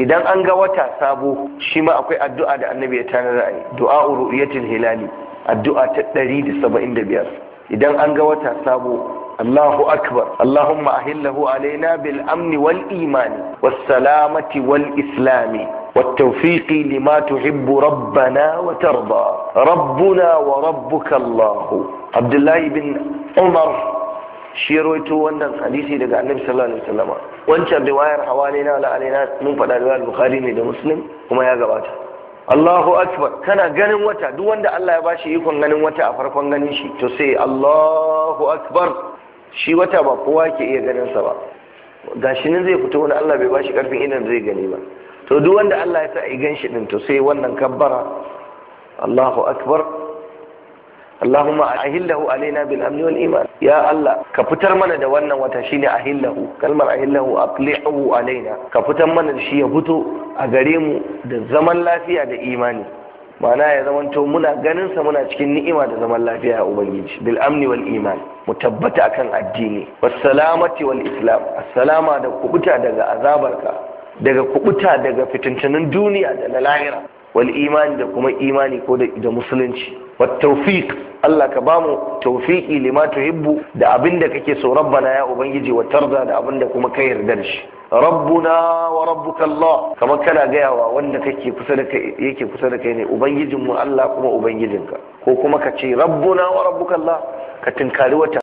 idan an ga wata sabo shi ma akwai addu'a da annabi ya tanar a yi du'a ru'yatul hilali addu'a ta 175 idan an ga wata sabo Allahu akbar Allahumma ahillahu alaina bil amni wal imani was salamati wal islami والتوفيق لما تحب ربنا وترضى ربنا wa الله عبد Abdullahi bin Umar. shi ya rawaito wannan hadisi daga annabi sallallahu alaihi wasallam wancan riwayar na alani na mun faɗa riwayar bukhari ne da muslim kuma ya gabata Allahu akbar kana ganin wata duk wanda Allah ya bashi ikon ganin wata a farkon ganin shi to sai Allahu akbar shi wata ba kowa ke iya ganin sa ba gashi nan zai fito wani Allah bai bashi karfin idan zai gani ba to duk wanda Allah ya sa a gan shi din to sai wannan kabbara Allahu akbar Allahumma ahillahu alaina bil iman ya Allah ka fitar mana da wannan wata shine ahillahu kalmar ahillahu aqli'u alaina ka fitar mana da shi ya fito a gare mu da zaman lafiya da imani Mana ya zamanto muna ganin sa muna cikin ni'ima da zaman lafiya ya ubangiji bil amni wal iman mu tabbata akan addini was salamati wal islam as-salama da kubuta daga azabarka daga kubuta daga fitintunan duniya da na lahira wal imani da kuma imani ko da musulunci wat tawfiq Allah ka bamu tawfiqi lima tuhibbu da abinda kake so rabbana ya ubangiji wa tarda da abinda kuma ka yarda da shi rabbuna wa rabbuka Allah kamar kana gayawa wanda kake kusa da kai yake kusa da kai ne ubangijinmu Allah kuma ubangijinka ko kuma ka ce rabbuna wa rabbuka Allah ka tinkari wata